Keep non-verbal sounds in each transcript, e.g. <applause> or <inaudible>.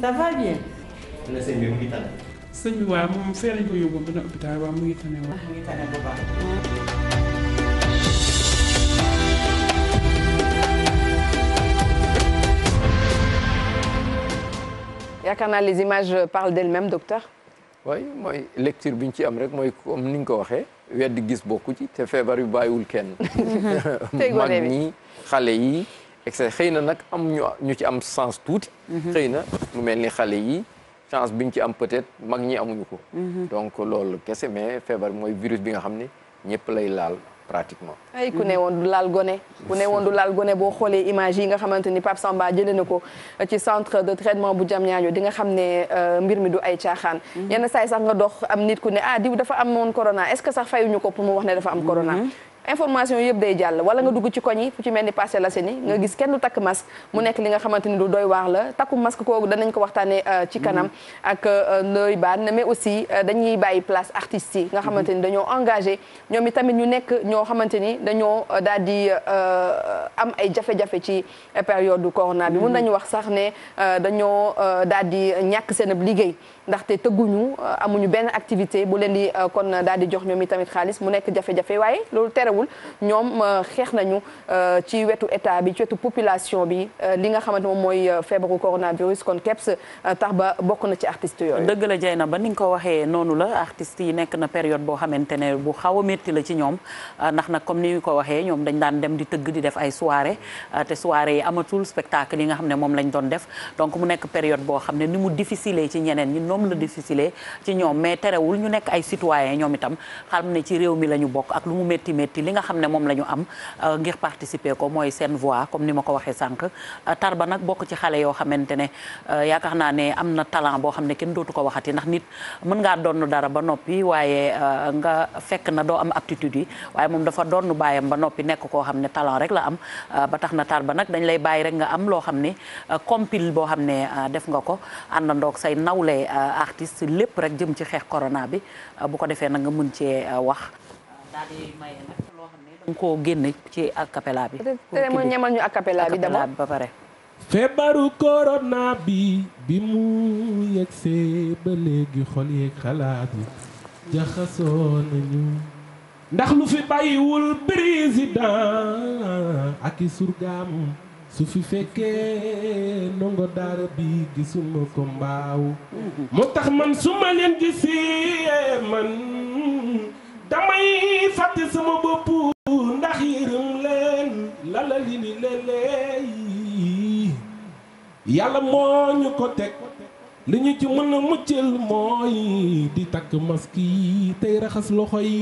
ça va bien. na sëñ bi mu ngi tane. sëñ bi waaw moom fee lañ ko yóbbu ba na hôpital waaw mu ngi tane waaw. mu ngi tane bu baax. yaakaar naa les images parlent d'elles-mêmes docteur. oui mooy lecture bi ñu ci am rek mooy comme ni nga ko waxee weddi gis bokku ci te feebar yu bàyyiwul kenn. <laughs> mag ñi xale yi. excès xëy na nag am ñu ñu ci am sens tuuti. Mhm. xëy na mu mel ni xale yi chance biñ ci am peut-être mag ñi amuñu ko. Mhm. donc loolu kese mais feebar mooy virus bi nga xam ne ñëpp lay laal. pratiquement. ay ku ne woon du laal gone. ku ne woon laal gone boo xoolee image yi nga xamante ni Pape Samba jëlee na ko ci centre de traitement bu Diamniadio di nga xam ne euh, mbir mi du ay caaxaan. Mhm. yenn saa yi sax nga dox am nit ku ne ah diw dafa amoon corona est-ce que sax fayuñu ko pour mu wax ne dafa am corona. information yëpp day jàll wala nga mm. dugg ci koñ yi fu ci mel ni Parcelles Assainies nga gis kenn takk masque mu nekk li nga xamante ni du doy waar la takku masque kooku danañ ko waxtaanee euh, ci mm. kanam ak euh, ndoy baan mais aussi euh, dañuy bàyyi place artistes yi nga mm-hmm. xamante ni dañoo engagé ñoom tamit ñu nekk ñoo xamante ni dañoo daal di am ay jafe-jafe ci période du corona bi mm-hmm. mun nañu wax sax ne dañoo daal di ñàkk seen liggéey ndaxte tëgguñu euh, amuñu benn activité bu leen di euh, kon daal di jox ñoom tamit xaalis mu nekk jafe-jafe waaye loolu terewul ñoom euh, xeex nañu ci wetu état bi ci wetu population bi li nga xamante moom mooy feebaru coronavirus kon keps tax ba bokk na ci artistes yooyu. dëgg la jay na ba ni nga ko waxee noonu la artistes yi nekk na période boo xamante ne bu xaw a métti la ci ñoom ndax nag comme ni ñu ko waxee ñoom dañ daan dem di tëgg di def ay soirée te soirée yi amatul spectacle yi nga xam ne moom lañ doon def donc mu nekk période boo xam ne ni mu difficile ci ñeneen ñoom la difficile ci ñoom mais terewul ñu nekk ay citoyens ñoom itam xam li nga ne moom la ñu am euh, ko mooy seen voix comme ni ma ko waxee sànq euh, Tarba nag bokk ci xale yoo xamante ne euh, yaakaar naa ne am na talent boo xam ne kenn dootu ko waxati ndax nit mën ngaa donn dara ba noppi waaye nga fekk na doo am aptitude yi waaye moom dafa donn baayam ba noppi nekk koo xam ne talent rek la am ba tax na Tarba nag dañ lay bàyyi rek nga am loo xam ne compil boo xam ne def nga ko àndandoog say nawle Euh, artiste lépp rek jëm ci xeex corona bi euh, bu ko defee nag nga mën cee euh, wax. daal xam ne danga koo génne ci ak acapella bi. te mu ñemal ñu acapella bi d'abord ba pare. feebaru corona bi bi mu yegsee ba léegi xol yeeg xalaat yi jaxasoo nañu. ndax lu fi bàyyiwul président ak i surgaam. su fi fekkee ndongo daara bi gisuma ko mbaaw moo tax man su ma leen gisee man damay fàtte sama bopp ndax yërëm leen lala li ni léeg-léeg yàlla moo ñu ko teg li ñu ci mën na muccal mooy di takk masque yi tey raxas loxo yi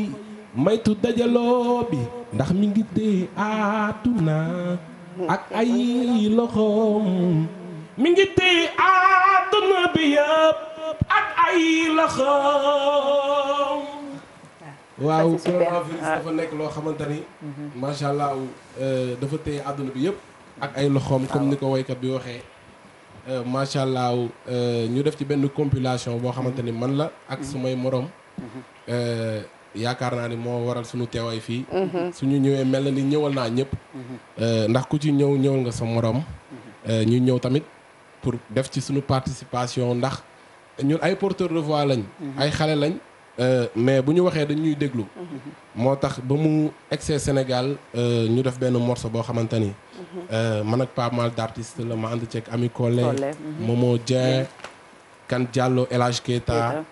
maytu dajaloo bi ndax mi ngi tey aatu naa ak ay loxoom mi ngi téye àdduna bi yëpp ak ay loxoom waaw ah. nekk loo xamante ni mhm. macha allah euh, dafa téye àdduna bi yëpp ak ay loxoom comme ni ko woykat bi waxee euh, macha allah euh, ñu def ci benn compilation boo xamante ni man la ak mhm. sumay moroom mhm. yaakaar naa ni moo waral suñu teewaay fii mhm. su ñu ñëwee mel na ni ñëwal naa ñëpp mhm. euh, ndax ku ci ñëw ñëwal nga sa morom mhm. euh, ñu ñëw tamit pour def ci suñu participation ndax ñun ay porteurs de voix lañ ay xale lañ euh, mais bu ñu waxee dañuy déglu moo tax ba mu egsee Sénégal ñu def benn morceau boo xamante ni man ak pas mal d' artistes la ma ànd ceeg Ami Collé Momo Dieng Kane Diallo El Hadj Keita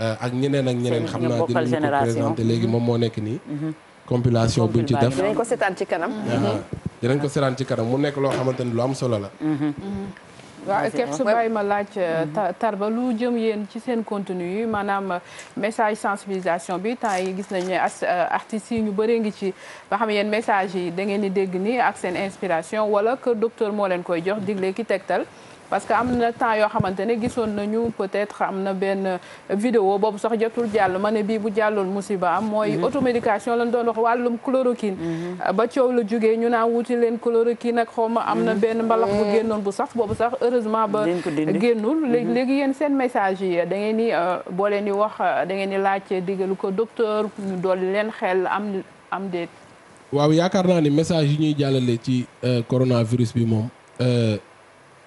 Euh, ak ñeneen ak ñeneen xam naa dinañu ko présenté léegi moom moo nekk nii mhm. compilation buñ ci def dinañ ko seetaan ci kanam ah, dinañ ko seetaan ci kanam mu nekk loo xamante ni lu am solo la mhm. Mhm. waaw képp su bàyyi ma euh, tar ba lu jëm yéen ci seen contenu yi maanaam euh, message sensibilisation bi temps yi gis nañu ne artistes yi ñu bëree ngi ci ba xam yéen message yi da ngeen di dégg ni ak seen inspiration wala que docteur moo leen koy jox digle ki tegtal parce que am na temps yoo xamante ne gisoon nañu peut-être am na benn vidéo boobu sax jotul jàll ma ne bii bu jàlloon musiba am mooy mhm. automédication lañ doon wax wàllum chloroquine mhm. ba coow la jógee ñu naa wuti leen chloroquine ak xaw ma am na mhm. benn mbalax bu eh. génnoon bu sax boobu sax heureusement ba génnul léegi léegi yéen seen message yi da ngeen ni euh, boo leen di wax da ngeen di laajte digalu ko docteur ñu dolli leen xel am am déet waaw yaakaar naa ni message yi ñuy jàllale ci euh, coronavirus bi moom euh,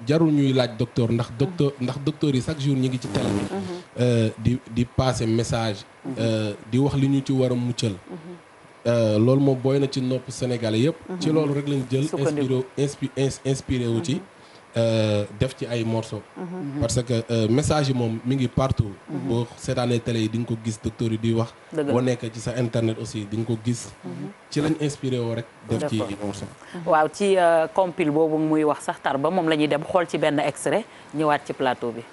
jarul ñuy laaj docteur ndax docteur mhm. ndax docteur yi chaque jour ñu ngi ci télé bi mhm. euh, di di passer message mhm. euh, di wax li ñu ci war a muccal euh, loolu moom booy na ci nopp Sénégalais yëpp ci loolu rek lañ jël inspiré inspiré wu ci Euh, def ci ay morceaux. Mhm. parce que euh, message yi moom mi ngi partout. Mhm. boo seetaanee télé yi di ko gis docteur yi di wax. boo nekk ci sa internet aussi di nga ko gis. Mhm. ci lañ inspiré woo rek. def ci morceaux. waaw ci euh, compil boobu muy wax sax tar ba moom lañuy dem xool ci benn extrait ñëwaat ci plateau bi.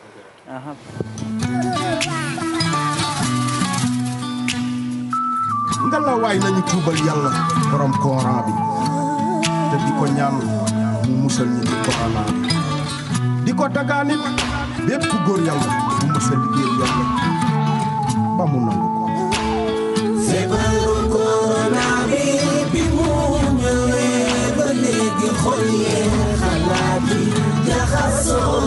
ngalla waay nañu tuubal yàlla borom Coran bi te di ko ñaan. mu musal ñu ci coxalaane di ko dagaanit bépp góor yàlla mu musal liggéey yàlla ba mu nangu ko feebaru corona bi bi mu ñëwee ba léegi xol yee xalaat yi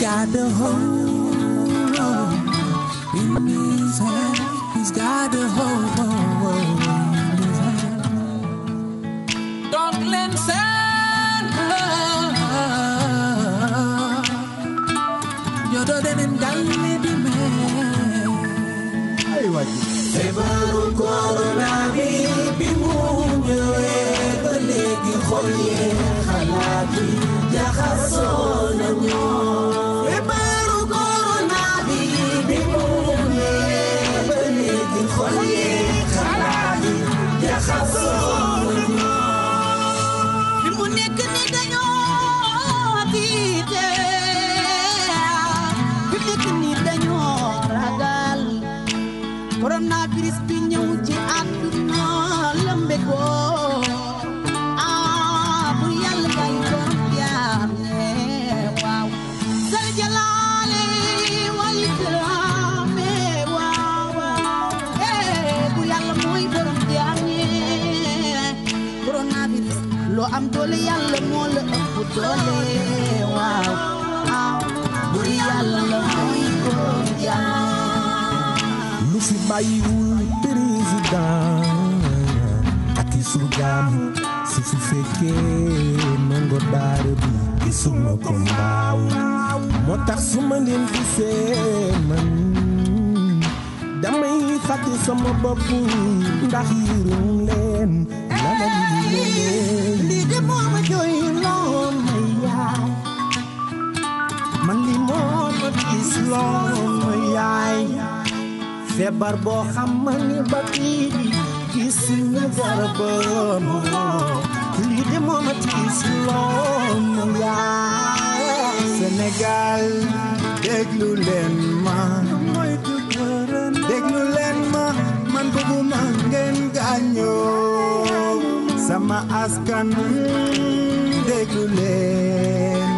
got the hope. bàyyiwul président ati su si su fekkee nango daara bi gisuma ko moo tax su ma leen gisee damay fàtte sama bopp ndax leen lala leen lii de moo jooy lool feebar boo xam ni ba kii gis nga garabam lii de moom tiis lool na yaay Sénégal leen ma déglu leen ma man bëgguma ngeen gaañoo sama askan déglu leen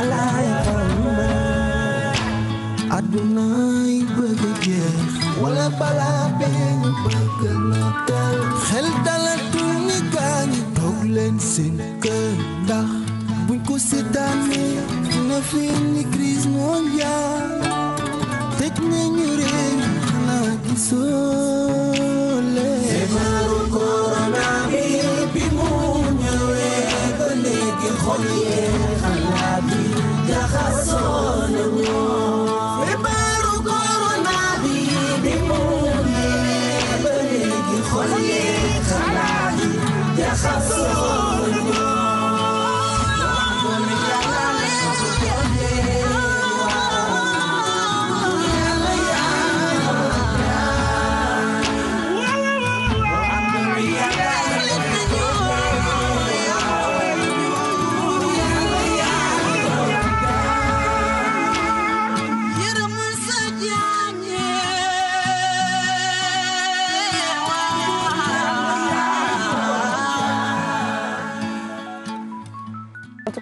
alaay xam naa adunaay bëgg jeex wala balaa bee ñu bëgg nataal xel dalatul ni gaañu toog leen seen kër ndax buñ ko seetaanee na fi ni crise mondiale tëj nañu réew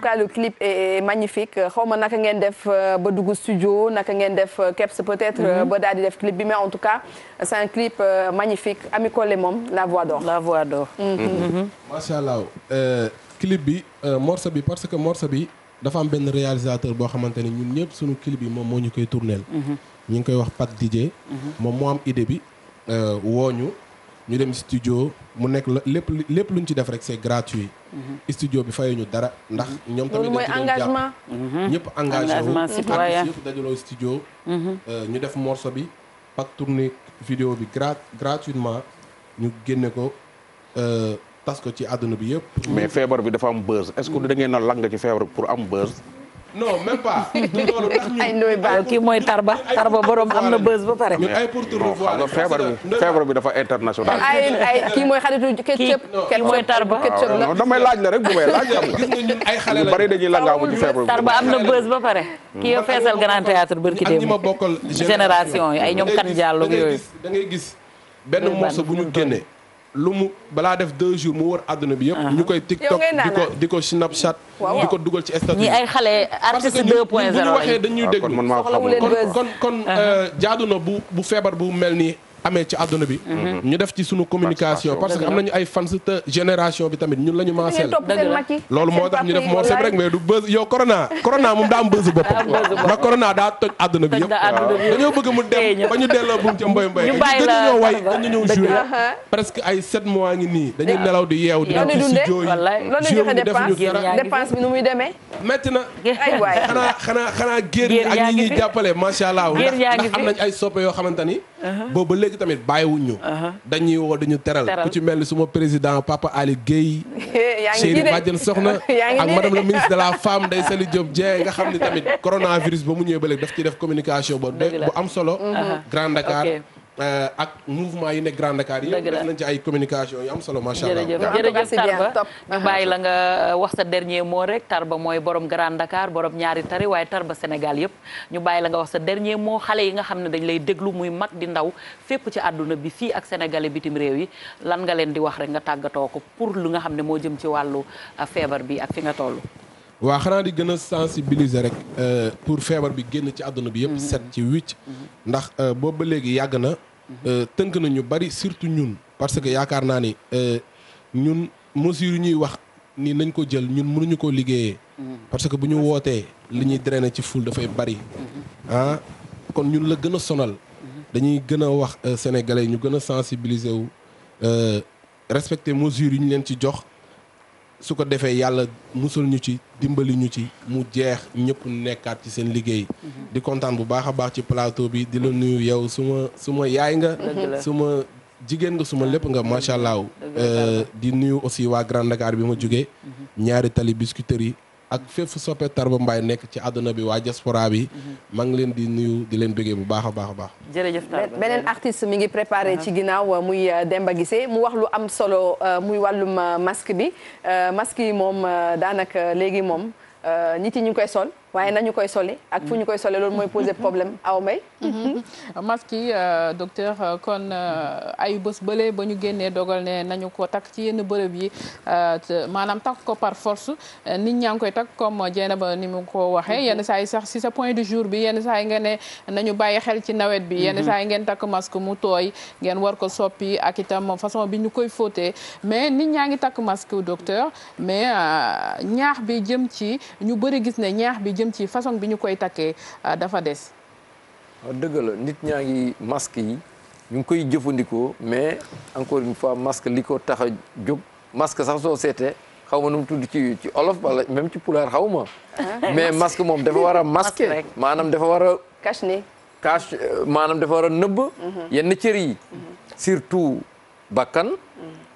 cas le clip est magnifique xaw ma naka ngeen def euh, ba dugg studio naka ngeen def euh, keps peut-être euh, mhm. ba daal di def clip bi mais en tout cas c'est un clip magnifique Ami Collé moom la voix d'or la voix d'or mhm. mhm. macha allah clip bi morceau bi parce que morceau bi dafa am benn réalisateur boo xamante ne ñun ñëpp suñu clip bi moom moo ñu koy tourneel ñu ngi koy wax Pat DJ moom moo am idée bi wooñu ñu dem studio mu nekk lépp lépp luñ ci def rek c'est gratuit. Mhm. studio bi ñu dara ndax. Mhm. ñoom tamit dañ ci doon jàpp mhm. ñëpp engagé wu ak ñëpp dajaloo studio. Euh, ñu def morceau bi pak tourné vidéo bi grat gratuitement ñu génne ko euh, tas ko ci àdduna bi yëpp. mais feebar bi dafa am buzz est-ce que da ngeen a lang ci feebar pour am buzz. non même pas. loolu ndax ñun kii mooy tarba tarba borom am na bës ba pare. ñun feebar bi feebar bi dafa international. ay kii mooy xaritu ketchup. kii mooy tarba ketchup ah, la damay laaj la rek bu may laaj xam <laughs> nga. gis la bari dañuy langaamu ci am na bës ba pare. Hmm. kii yoo feesal grand théâtre bërki démb. ak génération yi ay ñoom kan jàll yooyu. da ngay gis benn morceau bu ñu génnee. lu mu balaa def deux jours mu wër àdduna bi yëpp. Ah. ñu koy tiktok di ko di ko snapchat. di ko dugal ci statut ñi ay xale artiste 2.0 parce que bu ñu waxee dañuy déglu ah, kon kon uh-huh. euh, jaadu na bu bu feebar bu mel nii. amee ci àdduna bi. Mhm. ñu def ci suñu communication parce que am nañu ay fan fans te génération bi tamit ñun la ñu maaseel. loolu moo tax ñu def moo sëb rek mais du buzz yow corona corona moom daa am buzz boppam. ndax corona daa toj àdduna bi yëpp. bëgg mu dem ba ñu delloo bu mu ca mbay mbay. ñu bàyyi la ñu way presque ay 7 mois ngi nii dañuy nelaw di yeew di dem ci studio yi. loolu ñu defe dépense bi nu muy demee. métti na ay waay xanaa xanaa xanaa géer ñi ak ñi ñuy jàppale macha allah ndax am nañ ay soppe yoo xamante ni Uh-huh. boobu ba léegi tamit bàyyiwuñ ñu uh-huh. dañuy woo dañu teral ku ci mel ni suma président Papa Ali Guèye <laughs> chéri bàjjël soxna <laughs> ak madame la ministre de la <laughs> femme Ndeye Saly Diop Dieng nga xam ne tamit coronavirus ba mu ñëwee ba léegi daf ciy def communication bu bu am solo uh-huh. Grand Dakar Euh, ak mouvement yi nekk Grand Dakar yi. def nañ ci ay communication yu am solo macha allah. jërëjëf Tarba ñu bàyyi la nga euh, wax sa dernier moo rek Tarba mooy borom Grand ndakaar borom ñaari tari waaye tar ba Sénégal yëpp ñu bàyyi la nga wax sa dernier moo xale yi nga xam ne dañ lay déglu muy mag di ndaw fépp ci àdduna bi fii ak sénégalais bitim réew yi lan nga leen di wax rek nga tàggatoo ko pour lu nga xam ne moo jëm ci wàllu euh, feebar bi ak fi nga toll. waa xanaa di gën a sensibiliser rek euh, pour feebar bi génn ci àdduna bi yëpp mm-hmm. set ci wicc mm-hmm. ndax euh, boobu ba léegi yàgg na mm-hmm. euh, tënk na ñu bari surtout ñun parce que yaakaar naa ni ñun mesures yu ñuy wax ni nañ ko jël ñun mënuñu koo liggéeyee parce que bu ñu wootee li ñuy drainer ci ful dafay bari ah kon ñun la gën a sonal dañuy gën a wax sénégalais ñu gën a sensibiliser wu respecter mesures yi ñu leen ci jox su ko defee yàlla musul ñu ci dimbali ñu ci mu jeex ñëpp nekkaat ci seen liggéey mhm. di kontaan bu baax a baax ci plateau bi di la nuyu yow su ma su yaay nga suma jigéen nga suma lépp nga macha allah euh, di nuyu aussi waa Grand Dakar bi ma jógee mhm. ñaari tali biscuiterie yi ak fépp soppe Tarba Mbaye nekk ci àdduna bi waa diaspora bi maa ngi leen di nuyu di leen bëggee bu baax a baax a baax jërëjëf beneen artiste mi ngi préparer ci ginnaaw euh, muy euh, Demba Guissé mu wax lu am solo euh, muy wàllum masque bi masque yi moom daanaka léegi moom nit yi ñu ngi koy sol waaye mm-hmm. nañu koy sole ak fu ñu koy sole loolu mooy mm-hmm. poser problème aw may masque yi docteur euh, kon euh, ay bés bële ba ñu génnee dogal ne nañu ko takk ci yenn bërëb yi euh, maanaam takk ko par force nit ñaa ngi koy takk comme Dieynaba ni mu ko waxee mm-hmm. yenn saa yi sax si sa point du jour bi yenn saa yi nga ne nañu bàyyi xel ci nawet bi yenn saa yi ngeen takk masque mu tooy ngeen war ko soppi ak itam façon bi ñu koy fóotee mais nit ñaa ngi takk masque docteur mais ñaax bi jëm ci ñu bëri gis ne ñaax bi jëm ci façon bi ñu koy takkee euh, dafa des. waaw dëgg nit ñaa ngi masque yi ñu ngi koy jëfandikoo mais encore une fois masque li ko tax a jóg masque sax soo seetee xaw ma nu tudd ci ci olof wala même ci pulaar xaw ma. Ah. mais masque moom dafa war a masque maanaam dafa war a. cache ne maanaam dafa war a nëbb. Mhm. yenn cër yi. Mhm. surtout bakkan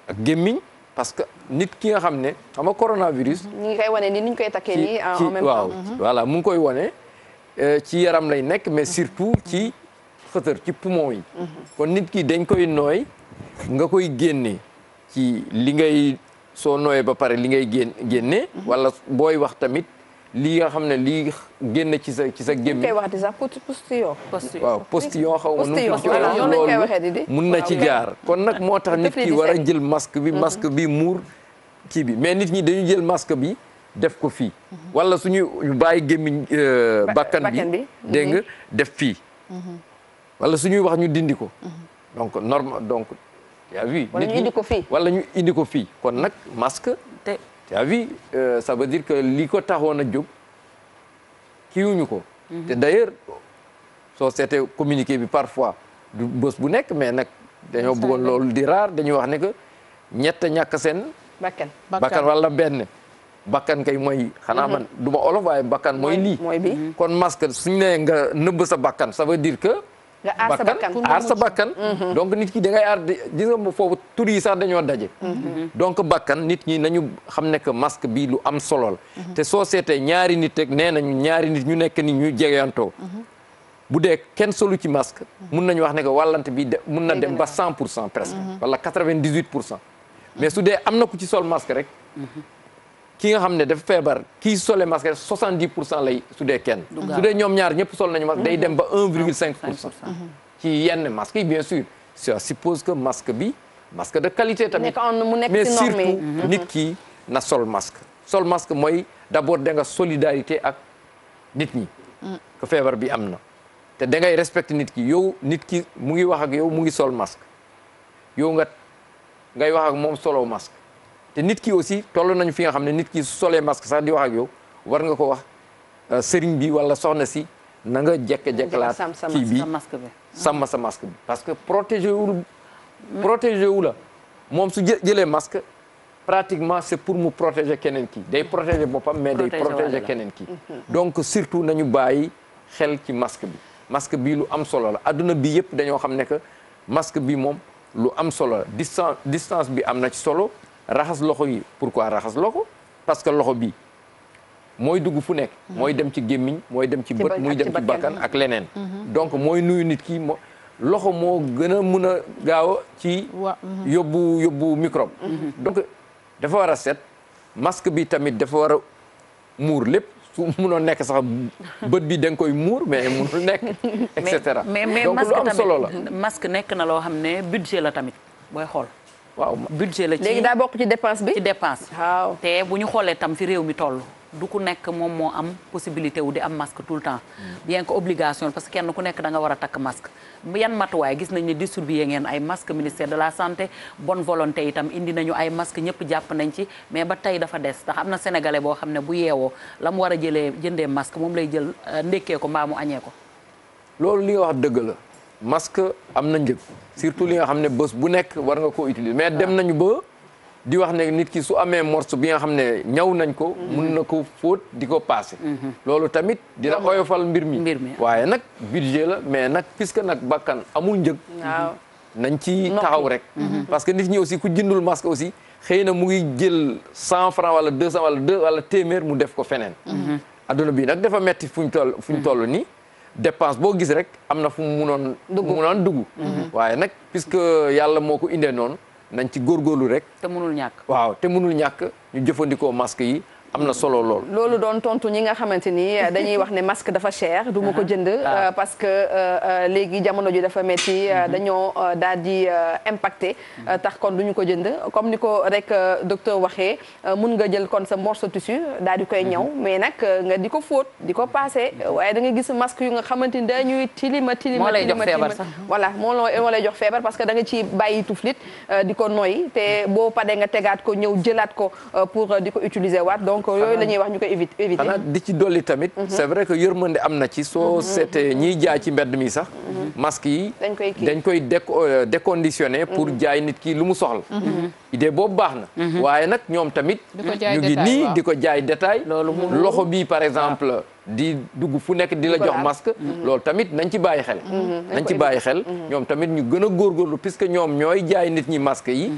ak gémmiñ. parce que nit ki nga xam ne xam nga coronavirus. ñu ngi koy wane ni ñu koy takkee ni ah, en même temps waaw voilà mu ngi koy wane euh, ci yaram lay nekk mais surtout ci xëtër ci poumon yi. Mhm. kon nit ki dañ koy nooy nga koy génne ci li ngay soo nooyee ba pare li ngay génn génne. Mhm. wala booy wax tamit lii nga xam ne lii génn ci sa ci sa gémmi. koy wax déjà postillon. waaw postillon xaw ma nu mu mun na ci jaar kon nag moo tax nit ki war a jël masque bi mm-hmm. masque bi muur kii bi mais nit ñi dañu jël masque bi def ko fii. Mm-hmm. wala suñu ñu bàyyi gémmiñ euh, bakkan bi dégg nga mm-hmm. def fii. wala suñuy wax ñu dindi ko. donc norme donc. yaa wala ñu indi ko fii kon nag masque. te avis euh, ça veut que lii ko taxoon a jóg kiiwuñu ko mhm. te d'ailleurs soo seetee communiqué bi parfois du bës bu nekk mais nag dañoo buggoon loolu di raar dañuy wax ne que ñett ñàkk seen bakkan bakkan wala benn bakkan kay mooy xanaa mhm. man du ma olof waaye bakkan mooy lii kon masque suñ ne nga nëbb sa bakkan ça veut que nga aar sa bakkan aar sa bakkan mhm. donc nit ki da ngay aar gis nga foofu tur yi sax dañoo daje mhm. donc bakkan nit ñi nañu xam ne que masque bi lu am solo la mhm. te soo seetee ñaari nit rek nee nañu ñaari nit ñu nekk ni ñu jegeyantoo bu dee kenn solu ci masque mun nañu wax ne que wàllante bi de mun na dem ba cent cent presque wala quatre-vingt-dix-huit pour cent mais su dee am na ku ci sol masque rek ki nga xam ne dafa feebar kii sole masque rek 70 pour cent lay su dee kenn. su dee ñoom ñaar ñëpp sol nañu masque day dem ba 1,5 mm-hmm. pour cent. Mm-hmm. ci yenn masque yi bien sûr ça suppose que masque bi masque de qualité tamit. mais surtout mm-hmm. nit ki na sol masque. sol masque mooy d'abord da nga solidarité ak nit ñi. Mm. que feebar bi am na. te da ngay respecter nit ki yow nit ki mu ngi wax ak yow mu ngi sol masque yow nga ngay wax ak moom solo masque. te nit ki aussi toll nañu fi nga xam ne nit ki su solee masque sax di wax yow war nga ko wax euh, sëriñ bi wala soxna si na nga jekk-jekkalaat kii bi sàmm sa masque bi parce que protégé wul protégé wu la moom su jëlee masque pratiquement c'est pour mu protéger keneen kii day protéger boppam mais day protéger keneen kii mhm. donc surtout nañu bàyyi xel ci masque bi masque bi lu am solo la adduna bi yëpp dañoo xam ne que masque bi moom lu am solo la distance bi am na ci solo raxas loxo yi pourquoi raxas loxo parce que loxo bi mooy dugg fu nekk. Hmm. mooy dem ci gémmiñ mooy dem ci bët muy dem ci bakkan ak leneen. Hmm. donc mooy nuyu nit ki moo loxo moo gën a mun a gaaw ci. Hmm. yóbbu yóbbu microbe. donc dafa war a set masque bi tamit dafa war a muur lépp. su mënoo nekk sax bët bi da koy muur mais mënul nekk <laughs> et cetera. mais mais masque solo la. masque nekk na loo xam ne budget la tamit booy xool. waaw budget la ci léegi daa bokk ci dépense bi ci dépense. waaw te bu ñu xoolee tam fi réew mi toll. du ku nekk moom moo am possibilité wu di am masque tout le temps mm. bien que obligation parce que kenn ku nekk danga nga war a takk masque yan matuwaay gis nañ ne distribué ngeen ay masque ministère de la santé bon volonté itam indi nañu ay masque ñëpp jàpp nañ ci mais ba tey dafa des ndax am na sénégalais boo xam ne bu yeewoo la mu war a jëlee jëndee masque moom lay jël euh, ndékkee ko mbaa mu ko loolu li wax dëgg la masque am na njëg surtout li nga xam ne bës bu nekk war nga koo utiliser mais dem nañu ba di wax ne nit ki su amee morceau bi nga xam ne ñaw nañ ko mun na ko fóot di ko paase mhm. loolu tamit dina oyofal mbir mi ah. waaye nag budget la mais nag puisque nag bàkkan amul njëg nañ ci taxaw rek mhm. parce que nit ñi aussi ku jëndul masque aussi xëy na mu ngi jël cent francs wala deux cent wala wala téeméer mu def ko feneen mhm. adduna bi nag dafa metti fuñ toll fuñ toll nii dépense boo gis rek am na fu mu munoon munoon dugg mhm. waaye nag puisque yàlla moo ko indee noon nañ ci góorlu rek te munul ñàkk waaw te munul ñàkk ñu jëfandikoo masque yi am na solo loolu loolu doon tontu ñi nga xamante ni eh, dañuy wax ne masque dafa cher. du ko jënd ah. euh, parce que euh, euh, léegi jamono ji dafa metti mhm. dañoo daal di impacté. Mhm. tax kon duñu ko jënd comme ni ko rek docteur waxee mun nga jël kon sa morceau tissu daal di koy mhm. ñëw mais nag nga di ko fóot di ko paase waaye da nga gis masque yu nga xamante ni dañuy tilima tilima. moo lay jox feebar sax voilà moo lay jox feebar parce que da nga ci bàyyi tuflit di ko noyyi te boo paree nga tegaat ko ñëw jëlaat ko pour di ko utiliser waat donc. gàllankoor yooyu la wax ñu koy éviter. xanaa di ci dolli tamit. Mhm. c'est vrai que yërmande am na ci soo mhm. seetee ñiy jaay ci mbedd mi sax. Mhm. masque yi dañ koy dañ koy euh, déconditionné pour jaay nit ki lu mu soxla. idée boobu baax na. waaye nag ñoom tamit. ñu ngi nii di ko jaay détail loxo bi par exemple. di dugg fu nekk di la jox masque loolu tamit nañ ci bàyyi xel nañ ci bàyyi xel ñoom tamit ñu gën a góorgóorlu que ñoom ñooy jaay nit ñi masque yi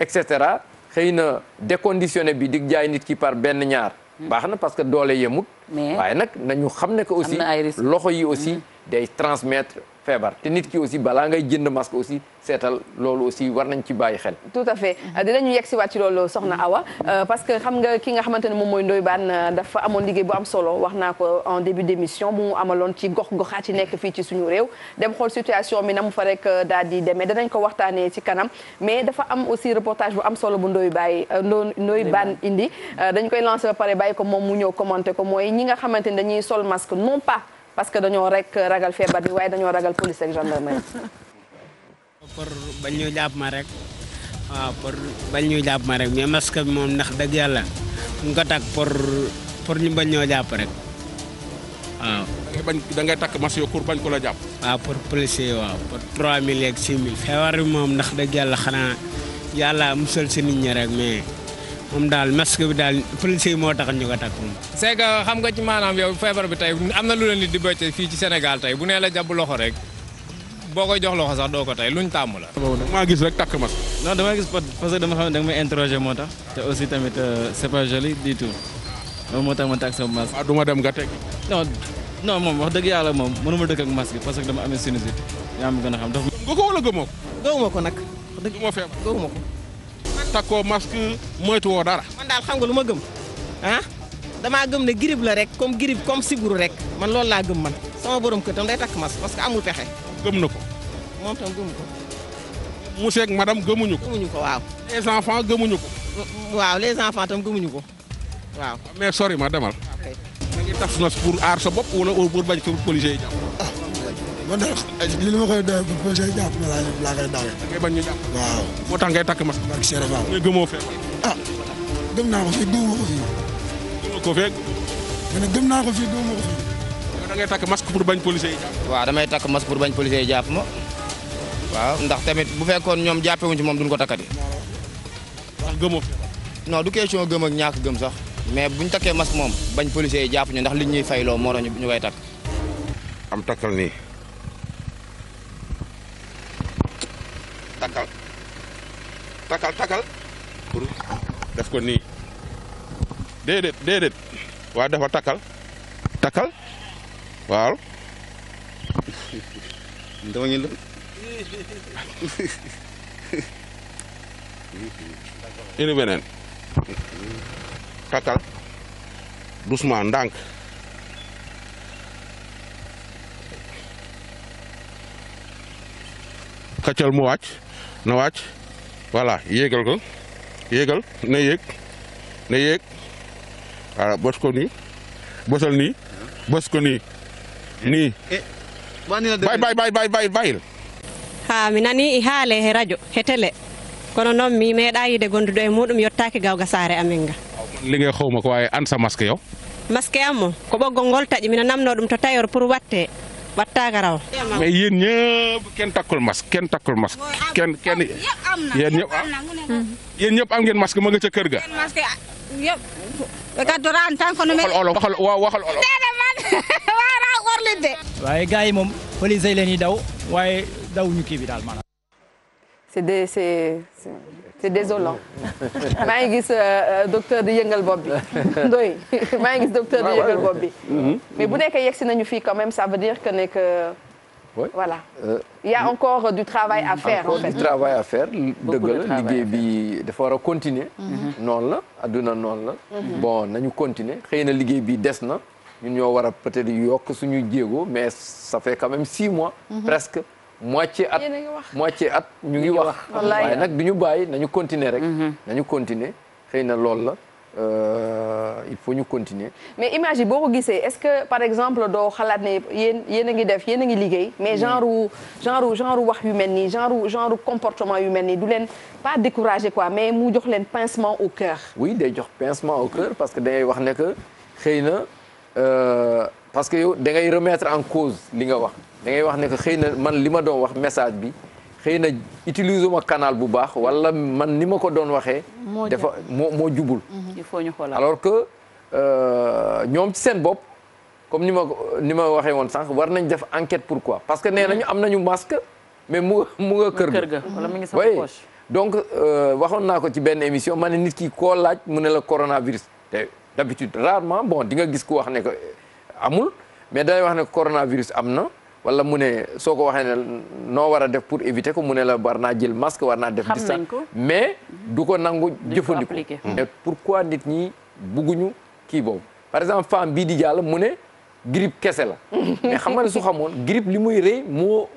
et cetera xëy na déconditionné bi dig jaay nit ki par benn ñaar baax na parce que doole yemut waaye nag nañu xam ne que aussi loxo yi aussi mm-hmm. de transmettre feebar te nit ki aussi balaa ngay jënd masque aussi seetal loolu aussi war nañ ci bàyyi xel tout à fait euh, dinañu yegg si waat ci loolu soxna Awa euh, parce que xam nga ki nga xamante ne moom mooy ndoy Bane euh, dafa amoon liggéey bu am solo wax naa ko en début d'émission bu mu amaloon ci gox goxaat yi nekk fii ci suñu réew dem xool situation bi na mu fa rek di demee danañ ko waxtaanee ci kanam mais dafa am aussi reportage bu am solo bu Ndoye Baye Ndoye Bane indi dañ koy lancer ba pare bàyyi ko moom mu ñëw commenter ko mooy ñi nga xamante ne dañuy sol masque non pas parce que dañoo rek ragal feebar bi waaye dañoo ragal police ak gendarmerie. pour bañ ñu jàpp ma rek waaw pour bañ ñu jàpp ma rek mais masque bi moom ndax dëgg yàlla mu ko takk pour pour ñu bañ ñoo jàpp rek waaw. da ngay takk masque pour bañ ko la jàpp. waaw pour policier waaw pour 3000 ak 6000 feebar bi moom ndax dëgg yàlla xanaa yàlla musal si nit ñi rek mais. moom daal masque bi daal policier moo tax ñu ko takk moom. c'est que xam nga ci maanaam yow feebar bi tey am na lu leen di bëccëg fii ci Sénégal tey bu nee la jàpp loxo rek boo koy jox loxo sax doo ko tey luñ tàmm la. maa gis rek takk masque. non dama gis parce que dama xam ne danga may interroger moo tax. te aussi tamit euh, c'est pas joli du tout moo tax ma takk sama masque. Ah, du ma dem nga teg. non non moom wax dëgg yàlla moom mënuma dëkk ak masque parce dama amee sinusite yaa ma gën a xam. gëm ko wala gëmoo ko. gëmuma takkoo masque moytuwoo dara. man daal xam nga lu ma gëm ah damaa gëm ne grippe la rek comme grippe comme siburu rek man loolu laa gëm man sama borom kër tam day takk masque parce que amul pexe. gëm na ko. moom tam gëm ko. monsieur ak madame gëmuñu ko. gëmuñu ko waaw. les enfants gëmuñu ko. Mm, waaw les enfants tam gëmuñu ko waaw. Ah, mais sori ma demal. ma ngi tas nas pour aar sa bopp wala pour bañ ko policiers yi <laughs> man li ma koy doyoo pour que jàpp da ngay bañ ñu jàpp. waaw moo tax ngay takk masque. barke Serigne Fall. ngay gëmoo feebar. Ah, gëm naa ko gëm naa ko fii da ngay takk masque pour bañ policiers yi waaw damay takk masque pour bañ policiers yi jàpp ma. waaw ndax tamit bu fekkoon ñoom jàppewuñ ci moom duñ ko takkati. ndax gëmoo feebar. non du question gëm ak ñàkk gëm sax mais buñ takkee masque moom bañ policiers yi jàpp ñu ndax liñ ñuy fayloo moo ñu ñu koy takk am takkal nii takkal takal takkal def ko nii déedéet déedéet waa dafa takal takal waaw dama ñu ini beneen takkal doucement ndànk xëccal mu wàcc na wàcc voilà yéegal na yéeg na yéeg voilà bës ko nii bësal nii bës ko nii nii bay bay bay bay bayil ha mi nani i haale he radio he télé kono noon mi meeɗa yiide gonduɗo e muɗum yettaki gawga saare amin ga ligguey xawma ko wawi an sa masque yow am mo ko ɓoggol ngol taaƴi mina namno ɗum to tayor pour watte ba taagaraw. mais yéen ñëpp kenn takkul masque kenn takkul masque kenn kenn yéen ñëpp hmm. yéen ñëpp am ngeen masque ma nga ca kër ga. waxal olof waxal waaw waxal olof. <laughs> waaye gars yi moom police yi leen di daw waaye daw ñu kii bi daal maanaam. c'est désolant maa ngi gis euh, euh, docteur di yëngal bopp bi <laughs> doy maa ngi gis docteur di yëngal bopp bi mm-hmm. mais bu nekkee yegsi nañu fii quand même ça veut dire que ne que voilà euh, il y a encore du travail à faire en fait encore du travail à faire dëgg la liggéey bi dafa war a continuer mm-hmm. noonu la adduna noonu la mm-hmm. nañu continuer xëy na liggéey bi des na ñun ñoo war a peut-être yokk suñu jéego mais ça fait quand même six mois presque moitié at moitié at ñu ngi wax waaye nag du ñu bàyyi nañu continuer rek mhm. nañu continuer xëy na loolu la euh, il faut ñu continuer mais image boo ko gisee est-ce que par exemple doo xalaat ne yéen yéen ngi def yéen a ngi liggéey mais mhm. genre genre genre wax yu mel nii genre genre comportement yu mel nii du leen pas décourager quoi mais mu jox leen pincement au cœur oui day jox pincement au cœur parce que da wax ne que xëy na euh, parce que yow da ngay remettre en cause li nga wax da ngay wax ne que xëy na man li ma doon wax message bi xëy na utiliser ma canal bu baax wala man ni ma ko doon waxee. dafa moo moo jubul. Mhm. il faut ñu xoolal alors que euh, ñoom ci seen bopp comme ni ma ni ma waxee woon sànq war nañ def enquête pourquoi parce que nee nañu am nañu masque mais mu mu nga kër ga. wala mu ngi sama poche donc euh, waxoon naa ko ci benn émission ma ne nit ki ko laaj mu ne la coronavirus te d'habitude rarement bon di nga gis ku wax ne que amul mais day wax ne coronavirus am na. wala mu ne soo ko waxee ne noo war a def pour éviter ko mu ne la war naa jël masque war naa def distance mais du ko nangu jëfandiku mais mm. pourquoi nit ñi bugguñu kii boobu par exemple femme bii di jàll mu ne grippe kese la mm. <laughs> mais xam nga ne su xamoon grippe li muy rëy moo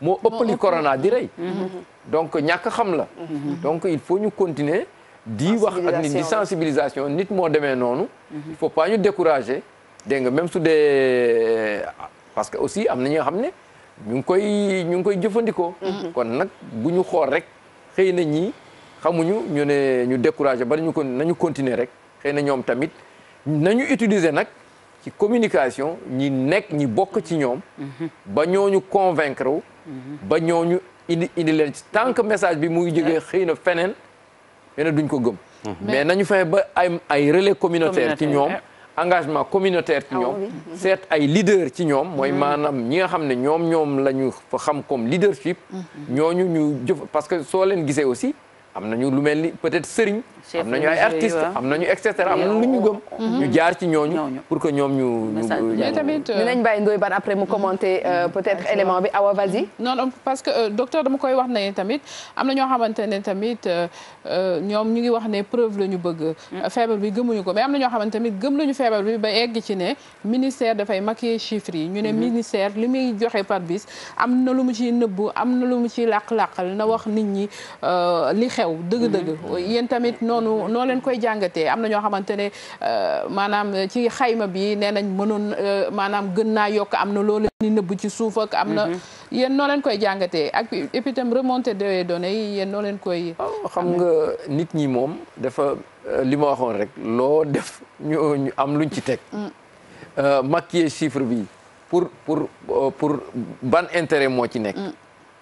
moo ëppali corona di rey mm-hmm. Mm-hmm. donc ñàkk xam la mm-hmm. donc il faut ñu continuer di wax ak nit di sensibilisation nit moo demee noonu il faut pas ñu décourager dégg nga même su dee parce que aussi am na ñoo xam ne ñu ngi koy ñu ngi koy jëfandikoo. Mhm. kon nag bu ñu xool rek xëy na ñi xamuñu ñu ne ñu découragé ba ñu ko nañu continuer rek xëy na ñoom tamit nañu utiliser nag ci communication ñi nekk ñi bokk ci ñoom. Mhm. ba ñooñu convaincre mhm. ba ñooñu indi indi leen ci tant que message bi mu ngi xëy na feneen xëy duñ ko gëm. mais nañu fexe ba ay ay relais communautaire ci ñoom. engagement communautaire ci ah ñoom seet ay leader ci ñoom mooy mm-hmm. maanaam ñi nga xam ne ñoom ñoom la ñu xam comme leadership mm-hmm. ñooñu ñu jëf parce que soo leen gisee aussi am nañu lu mel ni peut-être sëriñ am nañu ay artistes et cetera ñu gëm. Mhm. ñu jaar ci ñooñu. pour que ñoom ñu ñu. mais tamit euh, bàyyi Ndoye Bane après mu mhm. commenter euh, mhm. peut-être élément bi Awa vas-y. non que euh, docteur dama koy wax ne tamit am na ñoo xamante ne tamit ñoom ñu ngi wax ne preuve la ñu bëgg. feebar bi gëmuñu ko mais am na ñoo xamante tamit gëm lañu feebar bi ba egg ci ne ministère dafay maquiller chiffres yi. ñu ne ministère li muy joxe par bis am na lu mu ci nëbbu am na lu mu ciy làq-làqal na wax nit ñi li xew. dëgg-dëgg yéen tamit noonu noo leen koy jàngatee am na ñoo xamante ne euh, maanaam ci xayma bi nee nañ mënoon euh, maanaam gën naa yokk am na loolu ni nëbb ci suuf am na mm-hmm. yéen noo leen koy jàngatee ak et puis tam remontée des yi yéen noo leen koy xam nga nit ñi moom dafa euh, lima waxoon rek loo def ñu am luñ ci teg mm. maquiller chiffre bi pour pour pour ban intéret moo ci nekk mm.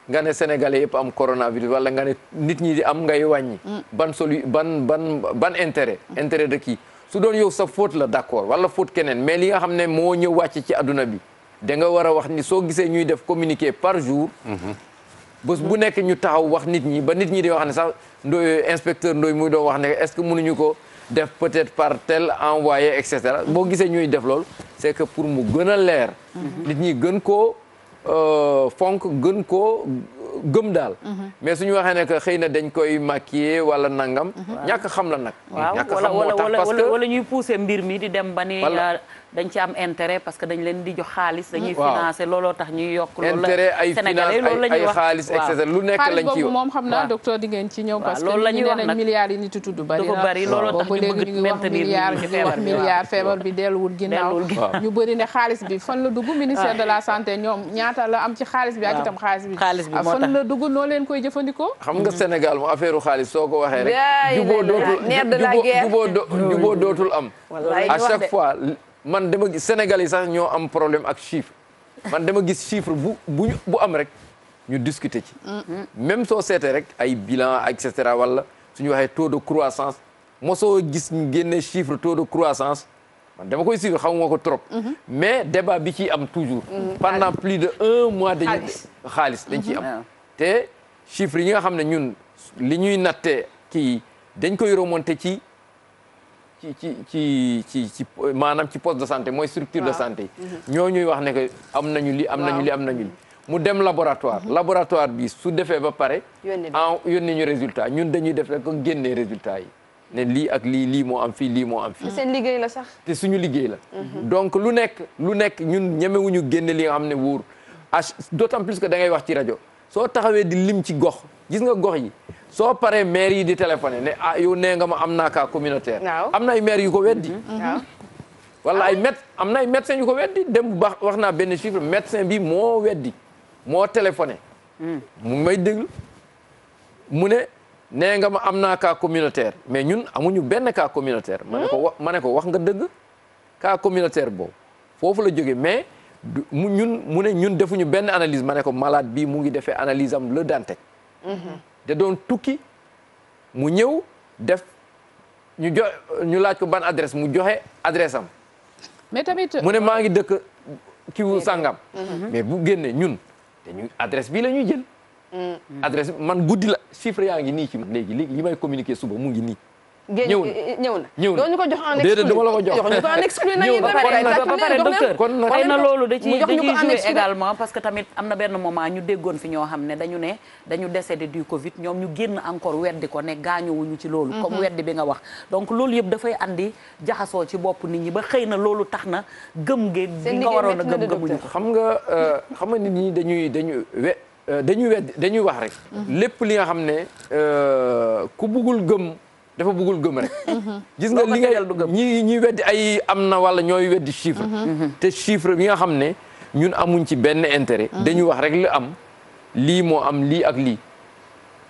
nga ne sénégalais yëpp am coronavirus wala nga ne nit ñi di am ngay wàññi. Mm. ban solu ban ban ban intérêt. Mm. intérêt de kii su doon yow sa faute la d'accord wala faute keneen mais li nga xam ne moo ñëw wàcc ci adduna bi da nga war a wax ni soo gisee ñuy def communiqué par jour. Mm-hmm. bés bu nekk ñu taxaw wax nit ñi ba nit ñi di wax ne sax ndoy inspecteur ndoy muy doon wax ne est-ce que mënuñu ko. def peut-être par tel envoyé et cetera boo gisee ñuy def lool c'est que pour mu gën a leer. Mm-hmm. Euh, fonk gën koo gëm daal. Mhm. mais suñu waxee ne que xëy na dañ koy maquiller wala nangam. Mhm. ñàkk xam la nag. ñàkk xam moo tax parce ñuy pousser mbir mi di dem ba ni. Ah, dañ ci am intérêt parce dañ leen financer looloo tax ñuy yokk. loolu ay xaalis lu nekk lañ ci milliards yi nit yi bari looloo tax ñu bëgg milliards feebar bi delluwul ginnaaw ñu bëri ne xaalis bi fan la dugg ministère ah. de la santé ñoom ñaata la am ci xaalis bi ak xaalis bi mën na dugg noo leen koy jëfandikoo. xam nga Sénégal mu affaire xaalis soo ko waxee rek. juboo dootul juboo dootul am. à chaque fois man dama gis Sénégal yi ñoo am problème ak chiffre. man dama gis chiffre bu bu bu am rek ñu discuter ci. Mm-hmm. même soo seetee rek ay bilan et cetera wala suñu waxee taux de croissance mosoo gis ñu génne chiffre taux de croissance. man dama koy suivre xamuma ko trop. Mm-hmm. mais débat bi ciy am toujours. Mm-hmm. pendant plus de un mois dañuy xaalis dañ ciy am. te chiffres yi nga xam ne ñun li ñuy natte kii dañ koy remonté ci ci ci ci ci ci maanaam ci poste de santé mooy structure de santé mhm. ñoo ñuy wax ne que am nañu li am nañu li am nañu mu dem laboratoire mhm. laboratoire bi su defee ba pare en yónni ñu résultat ñun dañuy def rek ko génnee résultat yi ne lii ak lii lii moo am fii lii moo am fii seen liggéey la sax te suñu liggéey la mhm. donc lu nekk lu nekk ñun ñemewuñu génne li nga xam ne wóor ah d'autant plus que da ngay wax ci rajo soo taxawee di lim ci gox gis nga gox yi soo paree maire yi di téléphoné ne ah yow nee nga ma am naa cas communautaire. am na ay maire yu ko weddi. Mm-hmm. Mm-hmm. wala ah ay mét am na ay médecin yu ko weddi dem bu baax wax naa benn chiffre médecin bi moo weddi moo téléphone mm. mu may déglu mu ne nee nga ma am naa cas communautaire mais ñun amuñu benn cas communautaire. ma ne ko mm. ma ne ko wax nga dëgg cas communautaire boobu foofu la jóge mais. mu ñun mu ne ñun defuñu benn analyse ma ne ko malaat bi mu ngi defee analyse am Le Dantec mhm. de doon tukki mu ñëw def ñu jo ñu laaj ko ban adresse mu joxe adresse am mais tamit mu ne maa ngi dëkk kiwu sangam mhm. mais bu génne ñun dañu adresse bi la ñuy jël mhm. adresse man guddi la chiffre yaa ngi nii ci léegi léegi li may communiquer suba mu ngi nii Eh, eh, ñëw na ñëw na ñu ko jox en exclu dama la ko jox ñu ko en exclu nañu ba pare docteur kon nag xëy na loolu da ciy da ciy joué également parce que tamit am na benn moment ñu déggoon fi ñoo xam ne dañu ne dañu décédé du Covid ñoom ñu génn encore weddi ko ne gaañuwuñu ci loolu comme mhm. weddi bi nga wax donc loolu yëpp dafay andi jaxasoo ci bopp nit ñi ba xëy na loolu tax na gëm gi bi nga waroon a gëm gëmuñu ko xam nga euh, xam nga nit ñi dañuy dañuy we euh, dañuy weddi dañuy wax rek mhm. lépp li nga xam ne euh, ku buggul gëm dafa bëggul gëm rek. Mhm. gis nga li nga ñi ñi weddi ay am na wala ñooy weddi chiffre. Mhm. Mhm. te chiffre bi nga xam ne ñun amuñ ci benn intérêt. dañuy wax rek li am lii moo am lii ak lii.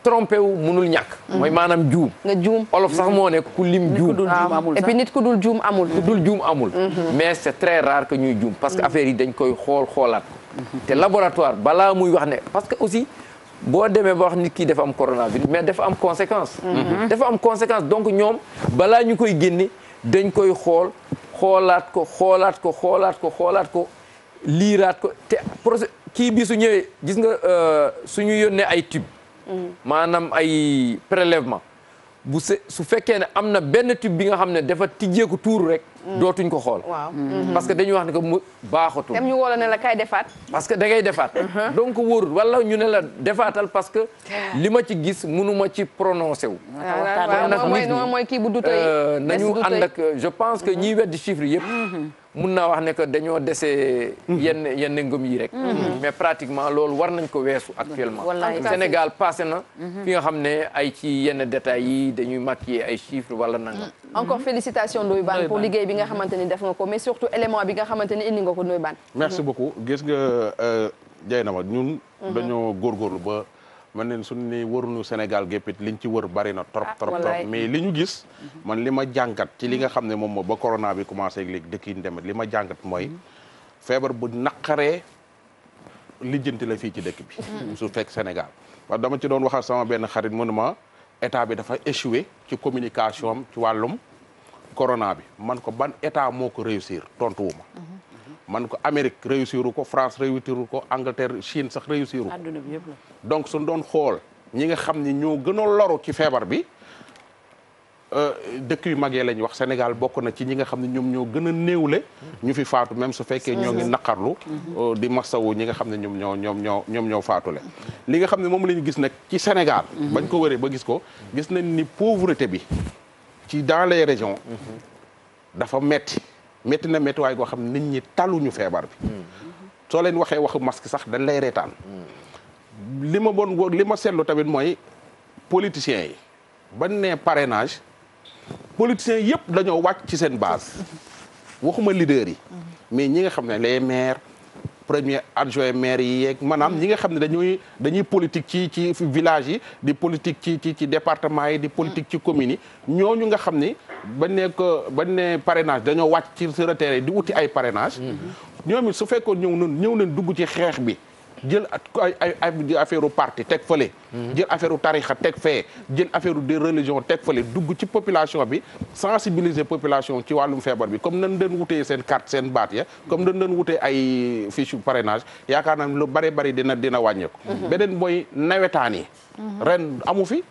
trompé wu mënul ñàkk. mooy maanaam juum. nga juum olof sax moo ne ku lim juum. et puis nit ku dul juum amul. dul juum amul. mais c' est très rare ñuy juum. parce que affaire yi dañ koy xool xoolaat te laboratoire balaa muy wax ne parce que aussi. boo demee ba wax nit kii dafa am coronavirus mais dafa am conséquence mhm. dafa am conséquence donc ñoom balaa ñu koy génne dañ koy xool xoolaat ko xoolaat ko xoolaat ko xoolaat ko liiraat ko te procé kii bi su ñëwee gis nga su euh, suñu yónnee ay tube mhm. maanaam ay prélèvement bu se su fekkee ne am na benn tube bi nga xam ne dafa tijjeeku tuuru rek Mm. dootuñ ko xool. Mm. Mm-hmm. parce que dañu wax ne que mu baaxatul. dem ñu woo la kay defaat. parce que da ngay defaat. Uh-huh. donc wóorul wala ñu ne la defaatal parce que. li ma ci gis mënu ma ci prononcé wu. Ah, waaw waaw mooy mooy kii bu dutoy euh, nañu ànd ak euh, je pense que ñiy mm-hmm. weddi chiffre yëpp. Mm-hmm. mun naa wax ne que dañoo dese. yenn yenn ngëm yi rek. Mhm. Mhm. mais pratiquement loolu war nañ ko weesu actuellement. Sénégal passé na. Mhm. fi nga xam ne ay ci yenn détails yi dañuy maquiller ay chiffres wala nangam. encore félicitations Ndoye Bane pour liggéey bi nga xamante ni def nga ko mais surtout élément bi nga xamante ni indi nga ko Ndoye Bane. merci beaucoup gis nga euh, Dieynaba ñun. dañoo góorgóorlu ba. man leen suñ ne nu Sénégal géppit liñ ci wër bari na trop ah, trop mais li ñu gis mhm. man li ma jàngat ci li nga mhm. xam ne moom moo ba corona bi commencé ak léegi dëkk yi li ma jàngat mooy mhm. feebar bu naqaree lijjanti la fii ci dëkk bi su fekk Sénégal parce dama ci doon waxal sama benn xarit mu ne ma état bi dafa échoué ci communication ci wàllum corona bi man ko ban état moo ko réussir tontu ma man ko Amérique réussir ko France réussiru ko Angleterre Chine sax réussiru ko donc suñ doon xool ñi nga xam ni ñoo gën a loru ci feebar bi euh, dëkk yu mag yi lañ wax Sénégal bokk na ci ñi nga xam ne ñoom ñoo gën a néewle ñu fi faatu même su fekkee ñoo ngi naqarlu mm-hmm. euh, di masawu ñi nga xam ne ñoom ñoo ñoom ñoo ñoom ñoo faatule li nga xam ne moom la ñu gis nag ci Sénégal mm-hmm. bañ ko wëree ba gis ko gis nañ ni pauvreté bi ci dans les régions mm-hmm. dafa metti metti na méttiwaay goo xam nit ñi taluñu feebar bi soo leen waxee waxu masque sax dañ lay reetaan li ma bon li ma seetlu tamit mooy politiciens yi bañ nee parrainage politiciens yëpp dañoo wàcc ci seen base waxuma leader yi. mais ñi nga xam ne les maires premier adjoint maire yi yeeg maanaam ñi nga xam ne dañuy dañuy politique ci ci village yi di politique ci ci ci département yi di politique ci communes yi ñooñu nga xam ni bañ ne ko bañ ne dañoo wàcc ci sur le di wuti ay parrainage mm-hmm. ñoom it su fekkoon ñëw nañ ñëw nañ dugg ci xeex bi. jël ay ay affaire parti teg fële. jël affaire a teg fee jël affaire des religions teg fale dugg ci population bi sensibiliser population ci wàllum feebar bi comme nan doon wute seen carte seen baat ya comme nan doon wute ay fiche parenage yaakaar naa lu bari bari dina dina wàññeeku. Mhm. beneen mooy nawetaan yi mhm. ren amu fi.